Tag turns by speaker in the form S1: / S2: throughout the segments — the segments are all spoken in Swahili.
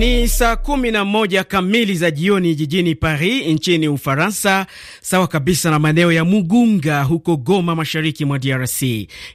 S1: Ni saa kumi na moja kamili za jioni jijini Paris nchini Ufaransa, sawa kabisa na maeneo ya Mugunga huko Goma, mashariki mwa DRC.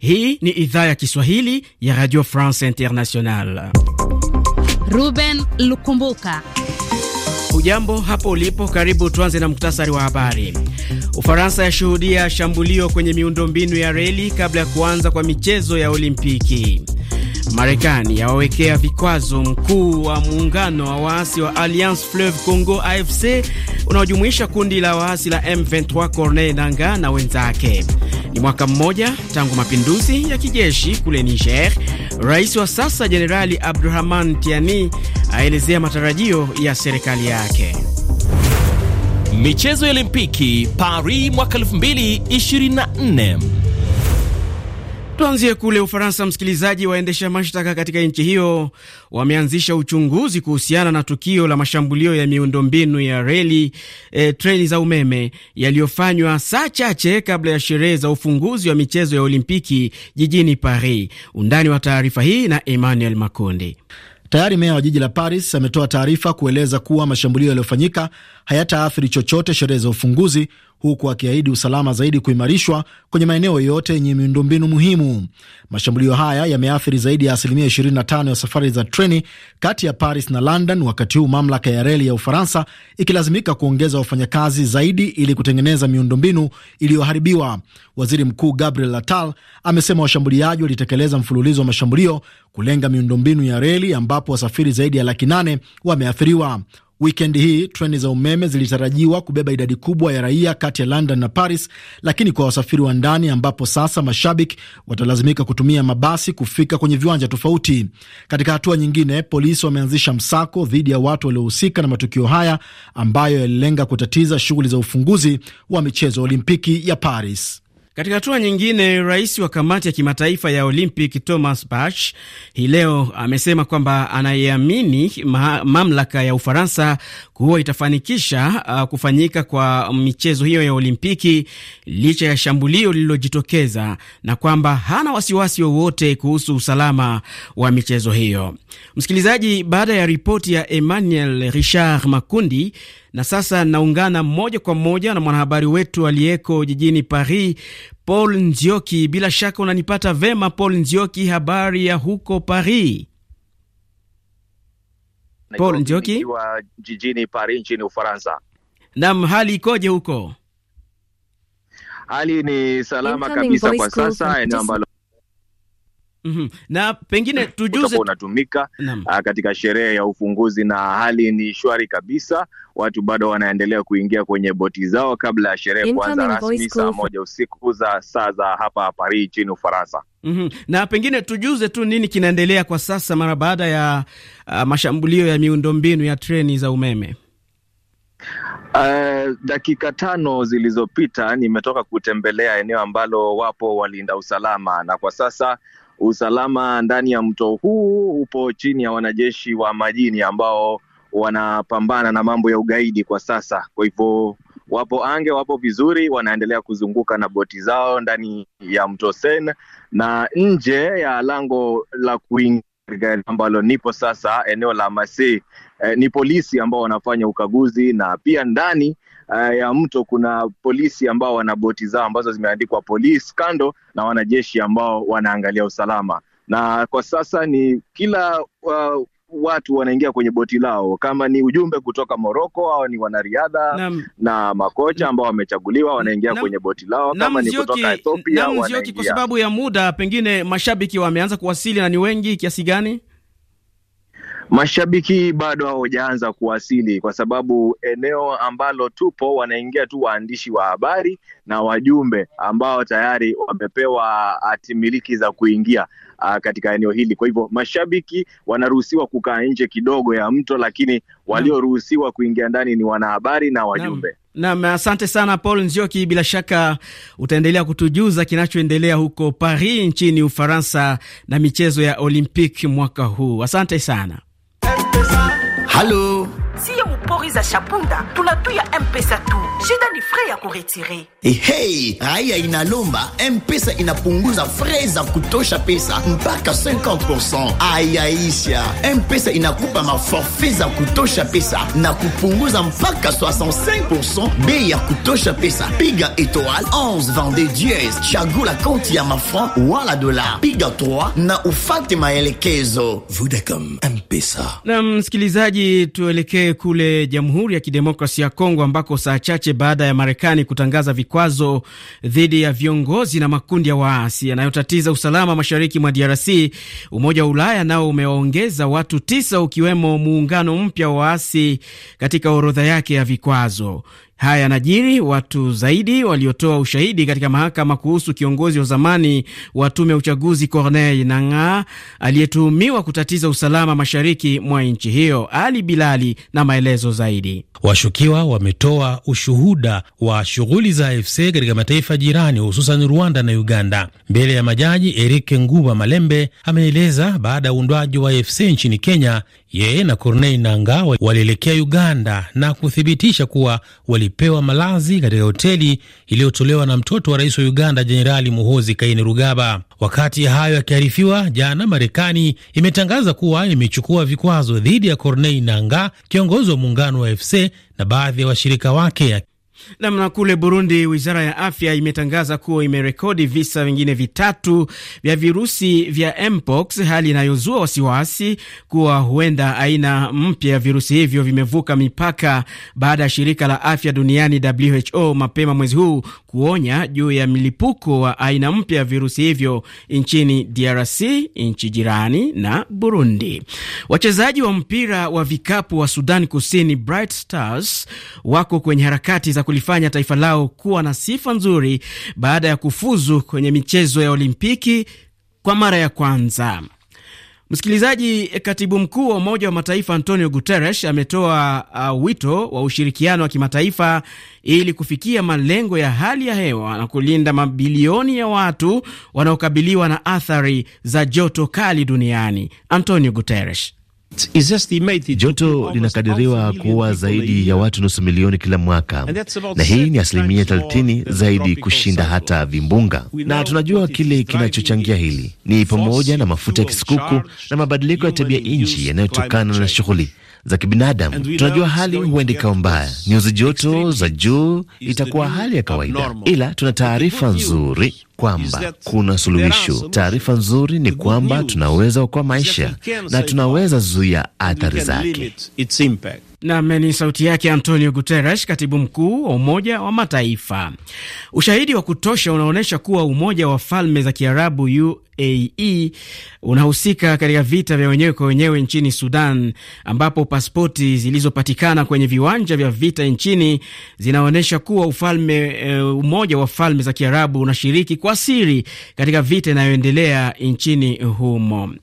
S1: Hii ni idhaa ya Kiswahili ya Radio France International. Ruben Lukumbuka. Ujambo hapo ulipo, karibu. Tuanze na muktasari wa habari. Ufaransa yashuhudia shambulio kwenye miundombinu ya reli kabla ya kuanza kwa michezo ya Olimpiki. Marekani yawawekea vikwazo mkuu wa muungano wa waasi wa Alliance Fleuve Congo AFC unaojumuisha kundi la waasi la M23 Corneille nanga na wenzake. Ni mwaka mmoja tangu mapinduzi ya kijeshi kule Niger. Rais wa sasa Jenerali Abdurahman Tiani aelezea matarajio ya serikali yake.
S2: Michezo ya Olimpiki
S1: Paris mwaka 2024 Tuanzie kule Ufaransa, msikilizaji. Waendesha mashtaka katika nchi hiyo wameanzisha uchunguzi kuhusiana na tukio la mashambulio ya miundombinu ya reli, e, treni za umeme yaliyofanywa saa chache kabla ya sherehe za ufunguzi wa michezo ya Olimpiki jijini Paris.
S3: Undani wa taarifa hii na Emmanuel Makonde. Tayari meya wa jiji la Paris ametoa taarifa kueleza kuwa mashambulio yaliyofanyika hayataathiri chochote sherehe za ufunguzi huku akiahidi usalama zaidi kuimarishwa kwenye maeneo yote yenye miundombinu muhimu. Mashambulio haya yameathiri zaidi ya asilimia 25 ya safari za treni kati ya Paris na London, wakati huu mamlaka ya reli ya Ufaransa ikilazimika kuongeza wafanyakazi zaidi ili kutengeneza miundombinu iliyoharibiwa. Waziri Mkuu Gabriel Attal amesema washambuliaji walitekeleza mfululizo wa mashambulio kulenga miundombinu ya reli ambapo wasafiri zaidi ya laki nane wameathiriwa. Wikendi hii treni za umeme zilitarajiwa kubeba idadi kubwa ya raia kati ya London na Paris, lakini kwa wasafiri wa ndani, ambapo sasa mashabiki watalazimika kutumia mabasi kufika kwenye viwanja tofauti. Katika hatua nyingine, polisi wameanzisha msako dhidi ya watu waliohusika na matukio haya ambayo yalilenga kutatiza shughuli za ufunguzi wa michezo ya Olimpiki ya Paris.
S1: Katika hatua nyingine, rais wa kamati ya kimataifa ya Olympic Thomas Bach hii leo amesema kwamba anayeamini mamlaka ya Ufaransa kuwa itafanikisha uh, kufanyika kwa michezo hiyo ya Olimpiki licha ya shambulio lililojitokeza na kwamba hana wasiwasi wowote kuhusu usalama wa michezo hiyo. Msikilizaji, baada ya ripoti ya Emmanuel Richard Makundi, na sasa naungana moja kwa moja na mwanahabari wetu aliyeko jijini Paris, Paul Nzioki. Bila shaka unanipata vema, Paul Nzioki, habari ya huko Paris?
S4: Paul Njoki wa jijini Paris nchini Ufaransa.
S1: Naam, hali ikoje huko?
S4: Hali ni salama kabisa kwa sasa, eneo ambalo Mm -hmm. Na pengine tujuze unatumika ah, katika sherehe ya ufunguzi, na hali ni shwari kabisa. Watu bado wanaendelea kuingia kwenye boti zao kabla ya sherehe kuanza rasmi saa moja usiku za saa za hapa Paris nchini Ufaransa. mm -hmm. Na
S1: pengine tujuze tu nini kinaendelea kwa sasa mara baada ya uh, mashambulio ya miundombinu ya treni za umeme.
S4: Uh, dakika tano zilizopita nimetoka kutembelea eneo ambalo wapo walinda usalama na kwa sasa Usalama ndani ya mto huu upo chini ya wanajeshi wa majini ambao wanapambana na mambo ya ugaidi kwa sasa. Kwa hivyo wapo ange, wapo vizuri, wanaendelea kuzunguka na boti zao ndani ya mto sen na nje ya lango la kuingia ambalo nipo sasa eneo la masi eh, ni polisi ambao wanafanya ukaguzi na pia ndani uh, ya mto kuna polisi ambao wana boti zao ambazo zimeandikwa polisi kando na wanajeshi ambao wanaangalia usalama, na kwa sasa ni kila uh, watu wanaingia kwenye boti lao, kama ni ujumbe kutoka Moroko au ni wanariadha Nam. na makocha ambao wamechaguliwa wanaingia Nam. kwenye boti lao, kama ni kutoka Ethiopia wanaingia. Kwa sababu
S1: ya muda, pengine mashabiki wameanza kuwasili na ni wengi kiasi gani?
S4: Mashabiki bado hawajaanza kuwasili kwa sababu eneo ambalo tupo wanaingia tu waandishi wa habari na wajumbe ambao tayari wamepewa hatimiliki ah, za kuingia uh, katika eneo hili. Kwa hivyo mashabiki wanaruhusiwa kukaa nje kidogo ya mto, lakini walioruhusiwa kuingia ndani ni wanahabari na wajumbe.
S1: nam asante sana Paul Nzioki, bila shaka utaendelea kutujuza kinachoendelea huko Paris nchini Ufaransa na michezo ya Olympic mwaka huu. Asante sana. Allô? Si za chapunda tunatuya mpesa tu, shida ni frais ya kuretire.
S3: Ehei, raia inalomba mpesa inapunguza frais za kutosha pesa mpaka 50%. Ayaisha, mpesa inakupa maforfe za kutosha pesa na kupunguza mpaka 65% bei ya kutosha pesa. Piga etoile 11 vende diez, chagula kaunti ya mafran wala dola, piga 3 na ufate maelekezo. Vodacom, mpesa
S1: na msikilizaji, tuelekee kule jam Jamhuri ya Kidemokrasia ya Kongo ambako saa chache baada ya Marekani kutangaza vikwazo dhidi ya viongozi na makundi ya waasi yanayotatiza usalama mashariki mwa DRC, Umoja wa Ulaya nao umewaongeza watu tisa ukiwemo muungano mpya wa waasi katika orodha yake ya vikwazo. Haya yanajiri watu zaidi waliotoa ushahidi katika mahakama kuhusu kiongozi wa zamani wa tume ya uchaguzi Corneille Nangaa aliyetuhumiwa kutatiza usalama mashariki mwa nchi hiyo. Ali Bilali na maelezo zaidi.
S2: Washukiwa wametoa ushuhuda wa shughuli za AFC katika mataifa jirani, hususan Rwanda na Uganda. Mbele ya majaji, Eric Nguba Malembe ameeleza baada ya uundwaji wa AFC nchini Kenya, yeye na Corneille Nangaa walielekea Uganda na kuthibitisha kuwa wali alipewa malazi katika hoteli iliyotolewa na mtoto wa rais wa Uganda Jenerali Muhozi Kainerugaba. Wakati hayo yakiarifiwa, jana Marekani imetangaza kuwa imechukua vikwazo dhidi ya Corneille Nanga, kiongozi wa muungano wa FC na baadhi ya washirika wake
S1: Namna kule Burundi, wizara ya afya imetangaza kuwa imerekodi visa vingine vitatu vya virusi vya mpox, hali inayozua wasiwasi kuwa huenda aina mpya ya virusi hivyo vimevuka mipaka baada ya shirika la afya duniani WHO mapema mwezi huu kuonya juu ya milipuko wa aina mpya ya virusi hivyo nchini DRC, nchi jirani na Burundi. Wachezaji wa mpira wa vikapu wa Sudan Kusini, Bright Stars, wako kwenye harakati za kulifanya taifa lao kuwa na sifa nzuri baada ya kufuzu kwenye michezo ya Olimpiki kwa mara ya kwanza. Msikilizaji, katibu mkuu wa Umoja wa Mataifa Antonio Guterres ametoa uh, wito wa ushirikiano wa kimataifa ili kufikia malengo ya hali ya hewa na kulinda mabilioni ya watu wanaokabiliwa na athari za joto kali duniani. Antonio Guterres
S5: Joto linakadiriwa kuwa zaidi ya watu nusu milioni kila mwaka, na hii ni asilimia 30 zaidi kushinda hata vimbunga. Na tunajua kile kinachochangia hili ni pamoja na mafuta ya kisukuku na mabadiliko ya tabia nchi yanayotokana na shughuli za kibinadamu. Tunajua hali huenda ikawa mbaya, nyuzi joto za juu itakuwa hali ya kawaida, ila tuna taarifa nzuri kwamba kuna suluhisho. Taarifa nzuri ni kwamba tunaweza okoa maisha na tunaweza zuia athari zake.
S1: Nam ni sauti yake Antonio Guterres, katibu mkuu wa Umoja wa Mataifa. Ushahidi wa kutosha unaonyesha kuwa Umoja wa Falme za Kiarabu UAE unahusika katika vita vya wenyewe kwa wenyewe nchini Sudan, ambapo pasipoti zilizopatikana kwenye viwanja vya vita nchini zinaonyesha kuwa ufalme e, Umoja wa Falme za Kiarabu unashiriki kwa siri katika vita inayoendelea nchini humo.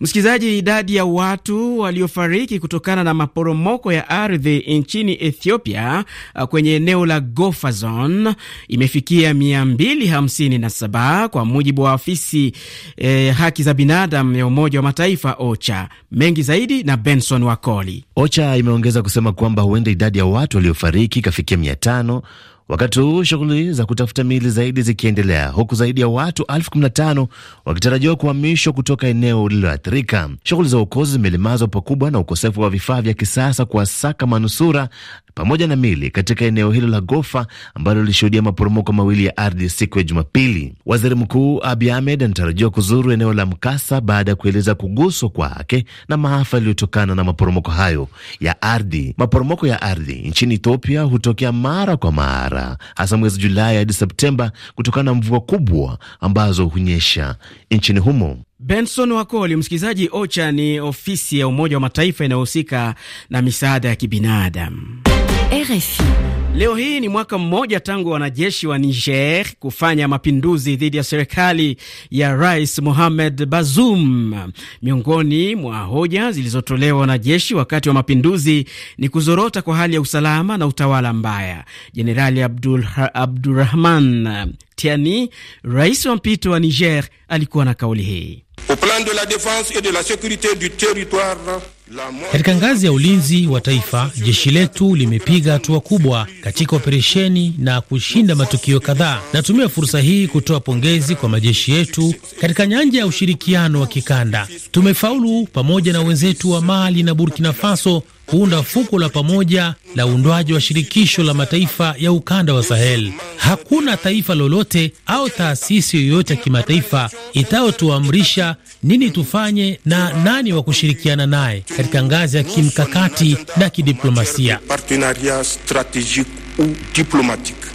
S1: Msikilizaji, idadi ya watu waliofariki kutokana na maporomoko ya ardhi nchini Ethiopia eh, kwenye eneo la Gofa Zone imefikia 257 kwa mujibu wa afisi eh, haki za binadamu ya Umoja wa Mataifa OCHA. Mengi zaidi na Benson Wakoli. OCHA imeongeza kusema kwamba huenda idadi ya watu waliofariki ikafikia mia tano Wakati huu shughuli
S5: za kutafuta mili zaidi zikiendelea huku zaidi ya watu elfu kumi na tano wakitarajiwa kuhamishwa kutoka eneo lililoathirika. Shughuli za uokozi zimelemazwa pakubwa na ukosefu wa vifaa vya kisasa kuwasaka manusura pamoja na mili katika eneo hilo la Gofa ambalo lilishuhudia maporomoko mawili ya ardhi siku ya Jumapili. Waziri Mkuu abi Ahmed anatarajiwa kuzuru eneo la mkasa baada ya kueleza kuguswa kwake na maafa yaliyotokana na maporomoko hayo ya ardhi. Maporomoko ya ardhi nchini Ethiopia hutokea mara kwa mara mara, hasa mwezi Julai hadi Septemba kutokana na mvua kubwa ambazo hunyesha nchini humo.
S1: Benson Wakoli, msikilizaji. OCHA ni ofisi ya Umoja wa Mataifa inayohusika na misaada ya kibinadamu. RFI. Leo hii ni mwaka mmoja tangu wanajeshi wa Niger kufanya mapinduzi dhidi ya serikali ya Rais Mohamed Bazoum. Miongoni mwa hoja zilizotolewa wanajeshi wakati wa mapinduzi ni kuzorota kwa hali ya usalama na utawala mbaya. Jenerali abdurahman Tiani, rais wa mpito wa Niger, alikuwa na kauli hii.
S4: Au plan de la defense et de la securite du territoire
S2: katika ngazi ya ulinzi wa taifa, jeshi letu limepiga hatua kubwa katika operesheni na kushinda matukio kadhaa. Natumia fursa hii kutoa pongezi kwa majeshi yetu katika nyanja ya ushirikiano wa kikanda. Tumefaulu pamoja na wenzetu wa Mali na Burkina Faso kuunda fuko la pamoja la uundwaji wa shirikisho la mataifa ya ukanda wa Sahel. Hakuna taifa lolote au taasisi yoyote ya kimataifa itayotuamrisha nini tufanye na nani wa kushirikiana naye katika ngazi ya kimkakati na kidiplomasia.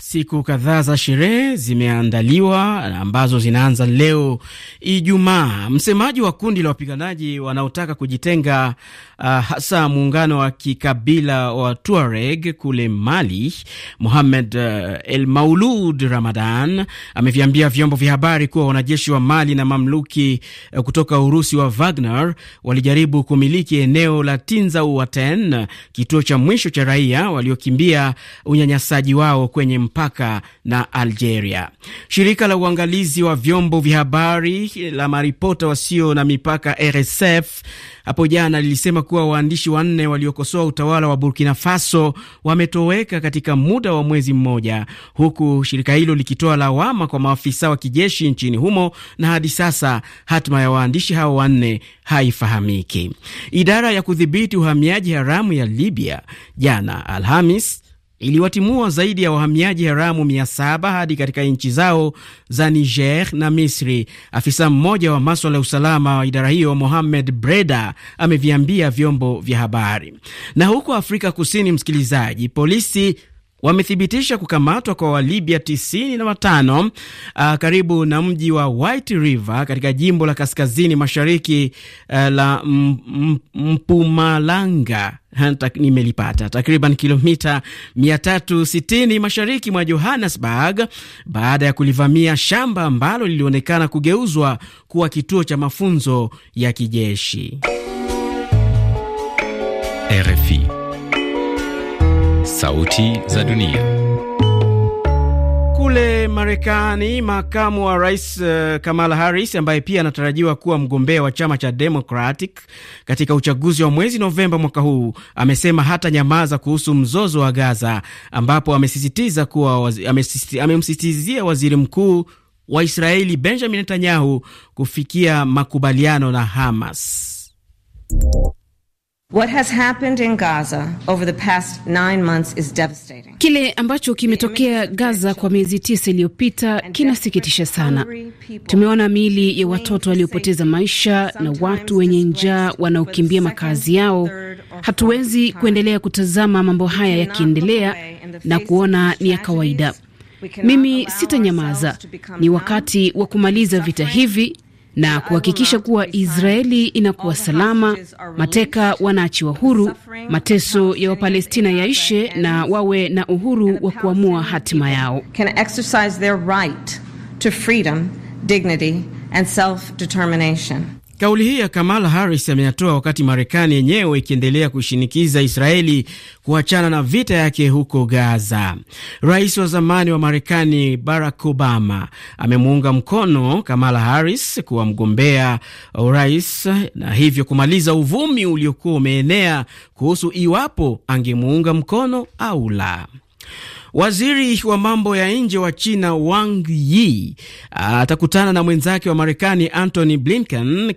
S2: Siku kadhaa
S1: za sherehe zimeandaliwa ambazo zinaanza leo Ijumaa. Msemaji wa kundi la wapiganaji wanaotaka kujitenga uh, hasa muungano wa kikabila wa Tuareg kule Mali. Mohamed uh, eh, El Maulud Ramadan ameviambia vyombo vya habari kuwa wanajeshi wa Mali na mamluki uh, kutoka Urusi wa Wagner walijaribu kumiliki eneo la Tinza Uwaten, kituo cha mwisho cha raia waliokimbia unyanyasaji wao kwenye mpaka na Algeria. Shirika la uangalizi wa vyombo vya habari la maripota wasio na mipaka RSF hapo jana lilisema kuwa waandishi wanne waliokosoa utawala wa Burkina Faso wametoweka katika muda wa mwezi mmoja, huku shirika hilo likitoa lawama kwa maafisa wa kijeshi nchini humo, na hadi sasa hatima ya waandishi hao wanne haifahamiki. Idara ya kudhibiti uhamiaji haramu ya Libya jana Alhamis iliwatimua zaidi ya wahamiaji haramu 700 hadi katika nchi zao za Niger na Misri. Afisa mmoja wa maswala ya usalama wa idara hiyo Mohamed Breda ameviambia vyombo vya habari. Na huko Afrika Kusini, msikilizaji, polisi wamethibitisha kukamatwa kwa Walibya 95 uh, ah, karibu na mji wa White River katika jimbo la kaskazini mashariki uh, la Mpumalanga nimelipata takriban kilomita 360 mashariki mwa Johannesburg, baada ya kulivamia shamba ambalo lilionekana kugeuzwa kuwa kituo cha
S2: mafunzo
S1: ya kijeshi.
S2: RFI Sauti za Dunia.
S1: Kule Marekani, makamu wa rais uh, Kamala Harris ambaye pia anatarajiwa kuwa mgombea wa chama cha Democratic katika uchaguzi wa mwezi Novemba mwaka huu amesema hata nyamaza kuhusu mzozo wa Gaza, ambapo amesisitiza kuwa amemsisitizia waziri mkuu wa Israeli Benjamin Netanyahu kufikia makubaliano na Hamas.
S5: What has happened in Gaza
S1: over the past nine months is devastating. Kile ambacho kimetokea Gaza kwa miezi tisa iliyopita kinasikitisha sana. Tumeona miili ya watoto waliopoteza maisha na watu wenye njaa wanaokimbia makazi yao. Hatuwezi kuendelea kutazama mambo haya yakiendelea na kuona ni ya kawaida. Mimi sitanyamaza. Ni wakati wa kumaliza vita hivi na kuhakikisha kuwa Israeli inakuwa salama, mateka wanaachiwa huru, mateso ya Wapalestina yaishe na wawe na uhuru wa kuamua hatima yao. Can Kauli hii ya Kamala Harris ameyatoa wakati Marekani yenyewe ikiendelea kushinikiza Israeli kuachana na vita yake huko Gaza. Rais wa zamani wa Marekani Barack Obama amemuunga mkono Kamala Harris kuwa mgombea urais na hivyo kumaliza uvumi uliokuwa umeenea kuhusu iwapo angemuunga mkono au la. Waziri wa mambo ya nje wa China Wang Yi atakutana na mwenzake wa Marekani Antony Blinken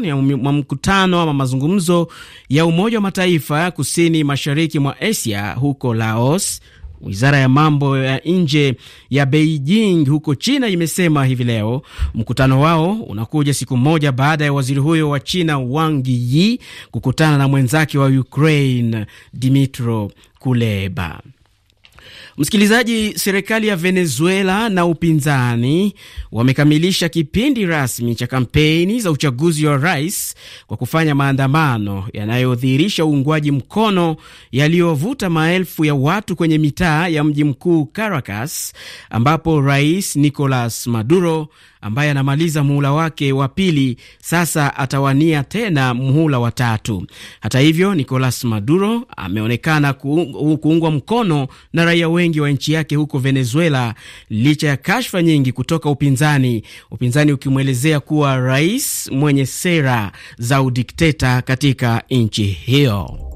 S1: ni mwa mkutano ama mazungumzo ya Umoja wa Mataifa kusini mashariki mwa Asia huko Laos. Wizara ya mambo ya nje ya Beijing huko China imesema hivi leo mkutano wao unakuja siku moja baada ya waziri huyo wa China Wang Yi kukutana na mwenzake wa Ukraine Dmytro Kuleba. Msikilizaji, serikali ya Venezuela na upinzani wamekamilisha kipindi rasmi cha kampeni za uchaguzi wa rais kwa kufanya maandamano yanayodhihirisha uungwaji mkono yaliyovuta maelfu ya watu kwenye mitaa ya mji mkuu Caracas, ambapo rais Nicolas Maduro ambaye anamaliza muhula wake wa pili sasa atawania tena muhula wa tatu. Hata hivyo, Nicolas Maduro ameonekana kuungwa mkono na raia wengi wengi wa nchi yake huko Venezuela, licha ya kashfa nyingi kutoka upinzani, upinzani ukimwelezea kuwa rais mwenye sera za udikteta katika nchi hiyo.